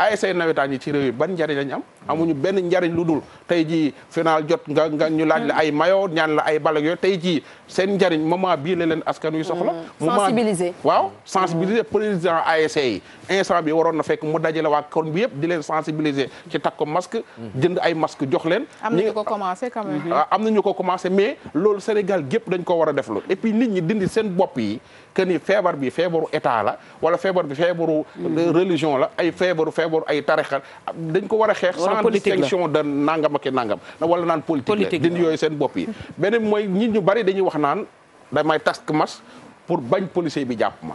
ASC nawetaan yi ci réew yi ban njariñ lañ am amuñu benn njariñ lu dul tey jii final jot nga nga ñu laaj la ay mayo ñaan la ay balak yoo tey jii seen njariñ moment bii la leen askan wi soxla hmm, sensibiliser waaw hmm. sensibiliser président ASC yi instant bi waroon na fekk mu dajale waa kon bi yëpp di leen sensibiliser ci takk ko masque jënd ay masque jox leen am nañu ko commencé quand ah, am nañu ko commencé mais loolu Sénégal gépp dañ ko war a def lu et puis nit ñi dindi seen bopp yi que ni feebar bi feebaru état la wala feebar bi feebaru hmm. religion la ay feebaru feebaru feebaru ay tarixa dañ ko war a xeex sans distinction da nangam ak nangam wala naan politique la dindi yooyu seen bopp yi beneen mooy nit ñu bari dañuy wax naan damay task mas pour bañ policier bi jàpp ma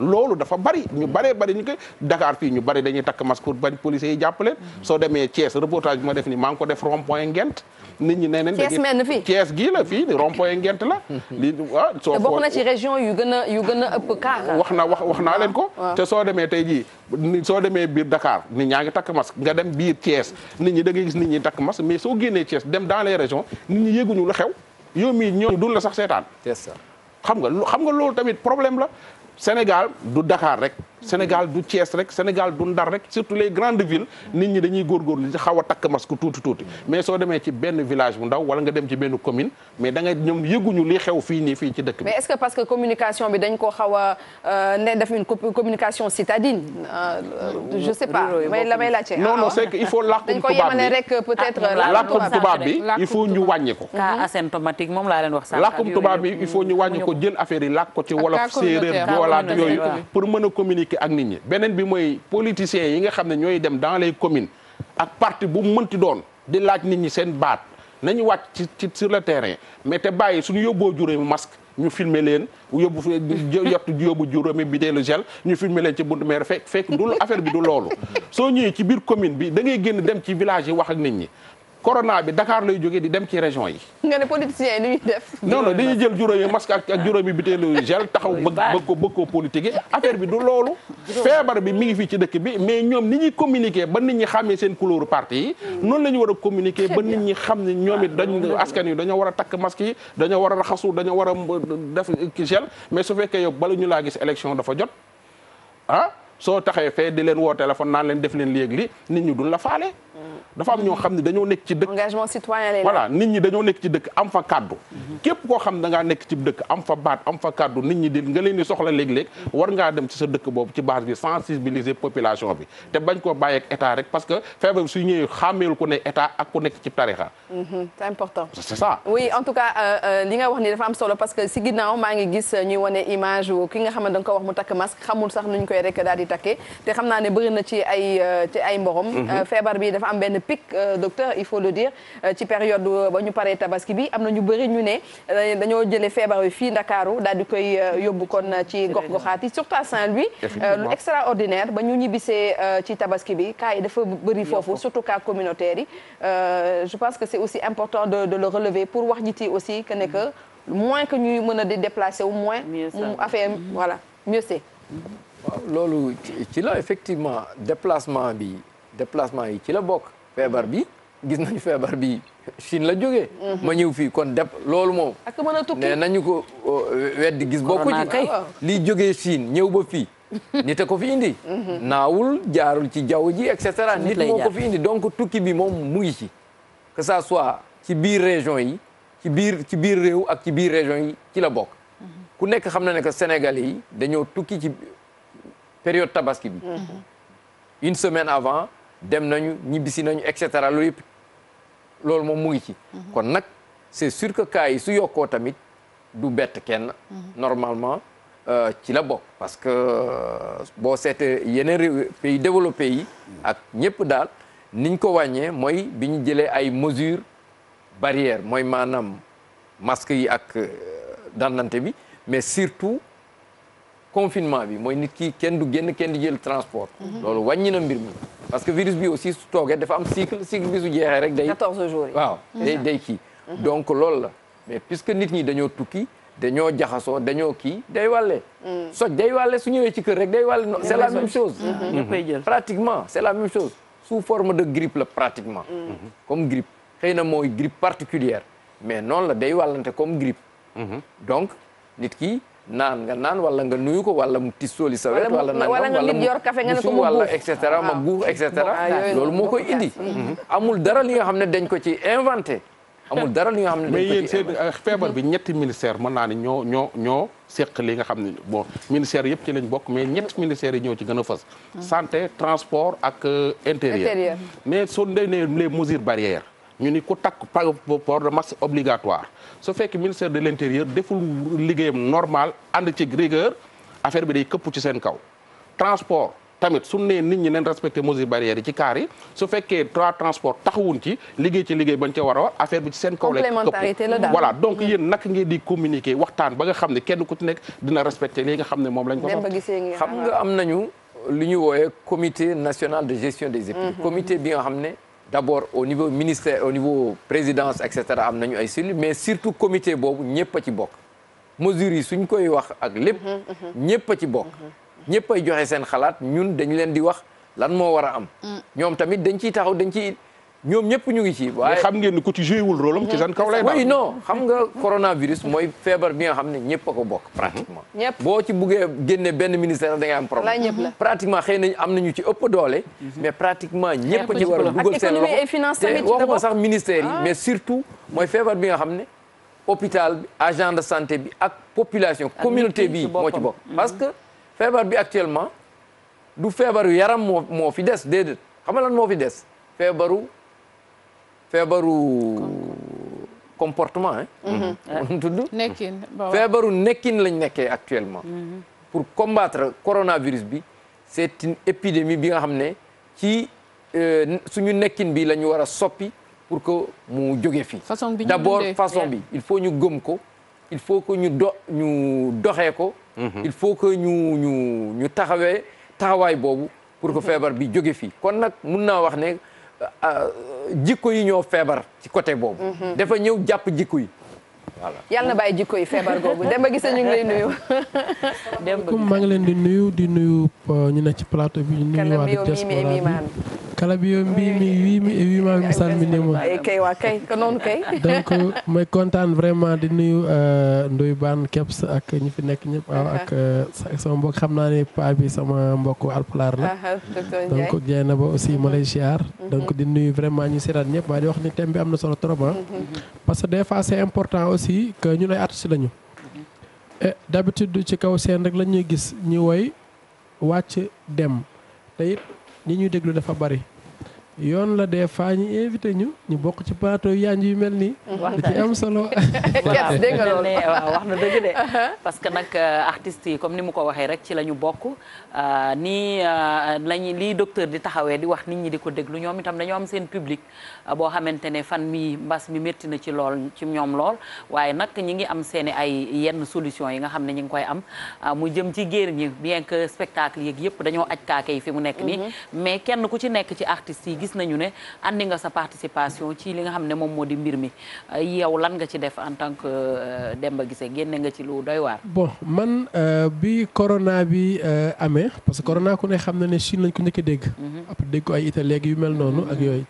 loolu dafa bari ñu baree bari ñu koy Dakar fii ñu bari dañuy takk masque pour bari policiers yi jàppale mm-hmm. soo demee Thiès reportage bi ma def ni maa ngi ko def rond point Ngent nit ñi nee nañ Thiès mel fii Thiès gii la fii rond point la <laughs> li waaw soo bokk na ci région yu gën a yu gën a ëpp kaar wax na wax naa leen ko te soo demee tey jii soo demee biir Dakar nit ñaa ngi takk mas nga dem biir Thiès nit ñi da ngay gis nit ñi takk masque mais soo génnee Thiès dem dans les régions nit ñi la xew yow mii ñooñu duñ la sax seetaan xam nga xam nga loolu tamit problème la senegal du Dakar rek Sénégal du Thiès rek Sénégal du Ndar rek surtout les grandes villes nit ñi dañuy góorgóorlu di xaw a takk tuuti mais soo demee ci benn village bu ndaw wala nga dem ci benn commune mais da ñoom yëguñu li xew fii nii fii ci dëkk bi mais est-ce que parce que communication bi dañ ko xaw a euh, ne une communication citadine euh, euh, je sais la may laajte non non ah, c'est que il faut ah, làkkum tubaab bi il faut ñu wàññi ko cas bi il faut ñu wàññi jël affaire yi ci wolof séeréer joolaat ki ak nit ñi beneen bi mooy politiciens yi nga xam ne ñooy dem dans les communes ak parti bu mënti doon di laaj nit ñi seen baat nañu wàcc ci ci sur le terrain mais te bàyyi suñu yóbboo juróomi masque ñu filmer leen yóbbu yott yóbbu juróomi bi dee le gel ñu filmer leen ci buntu maire fekk fekk du affaire bi du loolu soo ñëwee ci biir commune bi da ngay génn dem ci village yi wax ak nit ñi corona bi Dakar lay jógee di dem ci région yi. nga ne politiciens yi ni ñuy def. non non dañuy jël juróomi masque ak ak juróomi butéelu gel taxaw bëgg ko bëgg ko politiquer affaire bi du loolu. feebar bi mi ngi fii ci dëkk bi mais ñoom ni ñuy communiquer ba nit ñi xàmmee seen couleur parti yi. Hmm. noonu la a communiquer ba nit ñi xam ne ñoom it ah, dañ askan yi dañoo war a takk masque yi dañoo war a raxasu dañoo war a def gel mais su fekkee yow bala ñu laa gis élection dafa jot ah soo taxee fee di leen woo téléphone naan leen def leen léeg li nit ñi duñ la faale. dafa am ñoo xam ne dañoo nekk ci dëkk. engagement citoyen lay voilà nit ñi dañoo nekk ci am fa kàddu. képp koo xam da ngaa nekk ci dëkk am fa baat am fa kàddu nit ñi di nga leen soxla léeg war ngaa dem ci sa dëkk boobu ci base bi sensibiliser population ku nekk ci tarixa. Mhm, c'est important c'est ça. oui en tout cas euh, euh, li nga wax ni dafa am solo parce que si ginnaaw maa ngi gis ñuy wane image wu ki nga xam ne da nga ko wax mu takk masque xamul sax nuñ koy rek daal di takkee te xam naa ne bëri na ci ay euh, ci mhm. feebar bi dafa benn pic euh, docteur il faut le dire euh, ci période euh, ba ñu paree tabaski bi am na ñu bëri ñu ne dañoo jële feebar bi fii Ndakaaru daal di koy yóbbu kon ci gox-goxaat yi surtout à Saint-Louis lu extraordinaire ba ñu ñibbisee ci tabaski bi cas yi dafa bëri foofu surtout cas communautaire yi je pense que c'est aussi important de de le relever pour wax nit yi aussi que ne que moins que ñuy mën a di déplacer au moins mu affaire voilà mieux c'est loolu ci la effectivement déplacement bi déplacement yi ci la bokk feebar bi gis nañu feebar bi Chine la jógee mhm. ma ñëw fii kon dep loolu moom ne nañu ko euh, weddi gis bokku ci ah, lii jógee Chine ñëw ba fii <laughs> nite ko fi indi mhm. naawul jaarul ci jaww ji et cetera nit la ko indi donc tukki bi moom mu ngi ci que ça soit ci biir région yi ci biir ci biir réew ak ci biir région yi ci la bokk mhm. ku nekk xam na ne que Sénégalais yi dañoo tukki ci période tabaski bi une semaine avant dem nañu ñibbisi nañu et cetera loolu yëpp loolu moom mu ngi ci. Mhm. kon nag c'est sur que cas yi su yokkoo tamit du bett kenn. Mhm. normalement euh, ci la bokk. parce que euh, boo seetee yeneen réew pays développé yi. ak ñëpp daal niñ ko wàññee mooy bi ñu jëlee ay mesures barrières mooy maanaam masque yi ak euh, dandante bi mais surtout. confinement bi mooy nit ki kenn du génn kenn di jël transport. Mhm. loolu wàññi na mbir mi. parce que virus bi aussi su toogee dafa am cycle cycle bi su jeexee rek day. 14 mm-hmm. day kii. Mm-hmm. donc loolu la mais puisque nit ñi dañoo tukki. dañoo jaxasoo dañoo kii day walle mm. soj day walle su ñëwee ci kër rek day wàlle. c'est la même chose. Mm-hmm. ñëppay jël pratiquement c'est la même chose sous forme de grippe la pratiquement. comme grippe xëy na mooy grippe particulière mais noonu la day wàllante comme grippe. donc nit ki. naan nga naan wala nga nuyu ko wala mu tissooli sa wet wala nangam wala nga nit yor café nga ne ko mu wala et cetera ma guux ah. et cetera ah, loolu moo koy indi mm-hmm. amul dara li nga xam ne dañ ko ci inventé amul dara li nga xam ne mais yéen seen feebar bi ñett ministère mën naa ne ñoo ñoo ñoo seq li nga xam ne bon ministère yëpp ci lañ bokk mais ñett ministères yi ñoo ci gën a fës mm-hmm. santé transport ak euh, intérieur mais soo dee le les mesures ñu ni ku takk port de masque obligatoire su fekk ministère de l'intérieur deful liggéeyam normal ànd ci rigueur affaire bi day këpp ci seen kaw transport tamit su nee nit ñi neen respecté mesures barrières yi ci kaar yi su fekkee trois transport taxawuñ ci liggéey ci liggéey bañ ca war a war affaire bi ci seen kaw complémentarité la daal voilà donc yéen naka ngeen di communiquer waxtaan ba nga xam ne kenn ku ci nekk dina respecté li nga xam ne moom lañ ko xam nga am nañu lu ñu wooyee comité national de gestion des épidémies mhm. bi nga xam ne d'abord au niveau ministère au niveau présidence et cetera am nañu ay cellules mais surtout comité boobu ñëpp ci bokk mesures yi suñ koy wax ak lépp mhm, mhm. ñëpp a ci bokk mhm, ñëpp ay joxe seen xalaat ñun dañu leen di wax lan moo war a am mm. ñoom tamit dañ ciy taxaw dañ ciy ñoom ñëpp ñu ngi ci waaye xam ngeen ni ku ci joué wul rôle am ci seen kaw lay daal oui non xam nga coronavirus mooy feebar bi nga xam ne ñëpp a ko bokk mhm. pratiquement boo ci buggee génne benn ministère da ngay am problème pratiquement xëy nañ am nañu ci ëpp doole mhm. mais pratiquement ñëpp ci war a dugal seen loxo te waxuma sax ministère yi ah. mais surtout mooy feebar bi nga xam ne hôpital bi agent de santé bi ak population communauté bi moo ci bokk mhm. parce que feebar bi actuellement du feebaru yaram moo moo fi des déedéet xam nga moo fi des feebaru feebaru comportement hein mu mm-hmm. mm-hmm. eh. tudd nekkin feebaru nekkin lañ nekkee actuellement mm-hmm. pour combattre coronavirus bi c'est une épidémie bi nga xam ne ci euh, suñu nekkin bi la ñu war a soppi pour que mu jóge fii d'abord façon bi il faut ñu gëm ko il faut que ñu do ñu doxee ko il faut que ñu ñu ñu taxawee taxawaay boobu pour que feebar bi jóge fi kon nag mun naa wax ne Euh, euh, jikko yi ñoo feebar ci côté boobu. Mhm. dafa ñëw jàpp jikko yi. voilà yàlla na bàyyi jikko yi feebar googu Demba Guissé ñu ngi lay nuyu. Demba Guissé maa ngi leen di nuyu di nuyu euh, ñu ne ci plateau bi. ñu nuyu waa diaspora bi kala ɓiyo mbimi wimi e mi salminima kay wa kay ko noon <laughs> kontaan vraiment di nuyu euh, ndoy baan keps ak ñi fi nekk ñëpp aw ak euh, sama mbokk xam naa ne paa bi sama mbokk alpulaar la donc Dieynaba aussi ma lay ziar mhm. donc di nuyu vraiment ñu seetaan ñëpp waaye di wax ni thème bi am na solo trop ah parce que des fois c'est important aussi que ñu lay artiste lañu mhm. d'habitude ci kaw seen rek la ñuy gis ñu woy wàcc dem te it ñi ñuy déglu dafa bari yoon la des fois ñu invité ñu ñu bokk ci plateau yanj yu mel nii. da ci am solo. <laughs> <laughs> waaw wax na dëgg de. Uh-huh. parce que nag euh, artistes yi comme ni mu ko waxee rek ci la ñu bokk euh, nii euh, lañu lii docteur di taxawee di wax nit ñi di ko déglu ñoom itam dañoo am seen public. boo xamante ne fan mi mbas mi métti na ci lool ci ñoom lool waaye nag ñi ngi am seen i ay yenn solution yi nga xam ne ñi ngi koy am ah, mu jëm ci géer ñi bien que spectacle yeeg yëpp dañoo aj kaake yi fi mu nekk nii mm-hmm. mais kenn ku ci nekk ci artist yi gis nañu ne andi nga sa participation ci li nga xam ne moom moo di mbir mi yow lan nga ci def en tant que euh, Demba Guissé génne nga ci lu doy waar bon man euh, bi corona bi euh, amee parce que corona ku ne xam na ne Chine lañ ko dégg mm-hmm. après dégg ko léegi yu mel noonu ak yooyu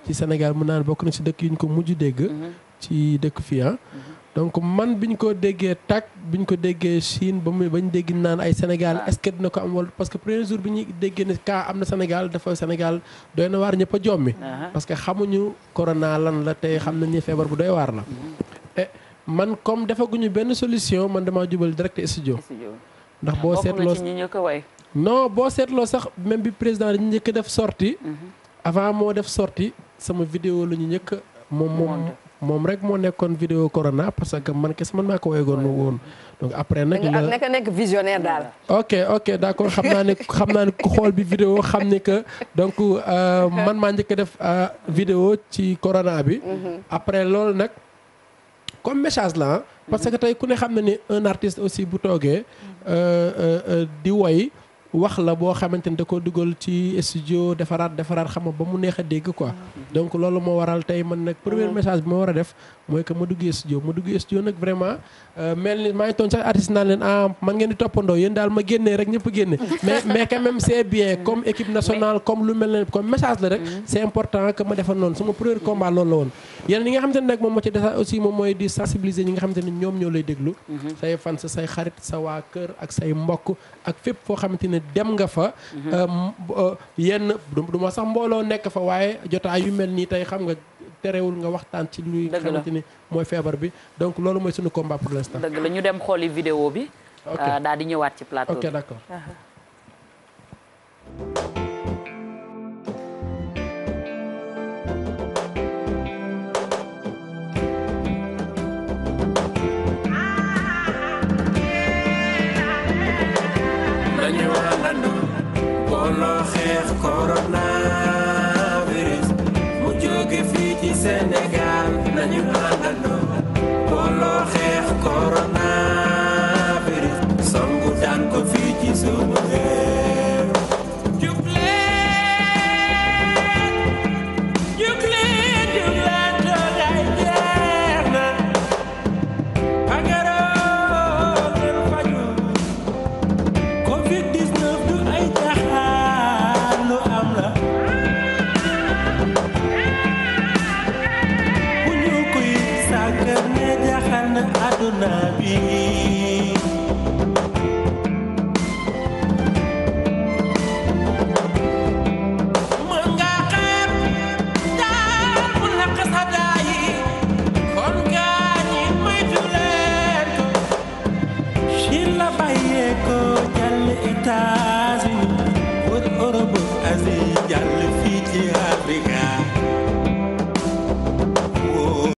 Sénégal bokk na ci dëkk yi ñu ko mujj dégg. Mhm. ci dëkk fii ah. Mhm. donc man bi ñu ko déggee tàkk bi ñu ko déggee Chine ba muy bañ dégg naan ay Sénégal ah. est-ce que dina ko am wala parce que premier jour bi ñu déggee ne cas am na Sénégal dafa Sénégal doy na waar ñëpp a jommi. parce que xamuñu corona lan la te xam nañu feebar bu doy waar la. Mhm. Eh, man comme defaguñu benn solution man damaa jubal direct studio. ndax ah, boo seetloo non boo seetloo sax même bi président dañu njëkk def sorti avant moo def sorti sama vidéo la ñu njëkk moom moom moom rek moo nekkoon vidéo corona parce que man kese man maa ko nu woon donc après nag. la nekk visionnaire daal. <laughs> ok ok d' xam naa ne xam naa ne ku xool bi vidéo xam ni que donc euh, man maa njëkk a def euh, vidéo ci corona bi. Mhm. après loolu nag comme message la parce que mhm. tey ku ne xam na ni un artiste aussi bu toogee mhm. euh, di woy. wax la boo xamante ni da ko dugal ci studio defaraat defaraat xam nga ba mu neex a dégg quoi. Mm-hmm. donc loolu moo waral tey man nag. premier mm-hmm. message bi ma war a def mooy que ma duggee studio ma duggee studio nag vraiment euh, mel ni maa ngi sax artiste naan leen ah man ngeen di toppandoo yéen daal ma génnee rek ñëpp génne <laughs> mais mais quand même c'est bien comme équipe nationale comme lu mel ne comme message la rek mm-hmm. c'est important que ma defal noonu sama premier combat loolu la woon yeneen ñi nga xamante ne nag moom moo ci desa aussi moom mooy di sensibiliser ñi nga xamante ne ñoom ñoo lay déglu mm-hmm. say fan sa say xarit sa waa kër ak say mbokk ak fépp foo xamante ne dem nga fa mm-hmm. euh, euh, yenn du ma sax mbooloo nekk fa waaye jotaay yu mel nii tey xam nga terewul nga waxtaan ci luy xamante ni mooy feebar bi donc loolu mooy suñu combat pour l'instant dëgg la ñu dem xooli vidéo bi euh, daal di ñëwaat ci plateau ok d'accord uh-huh.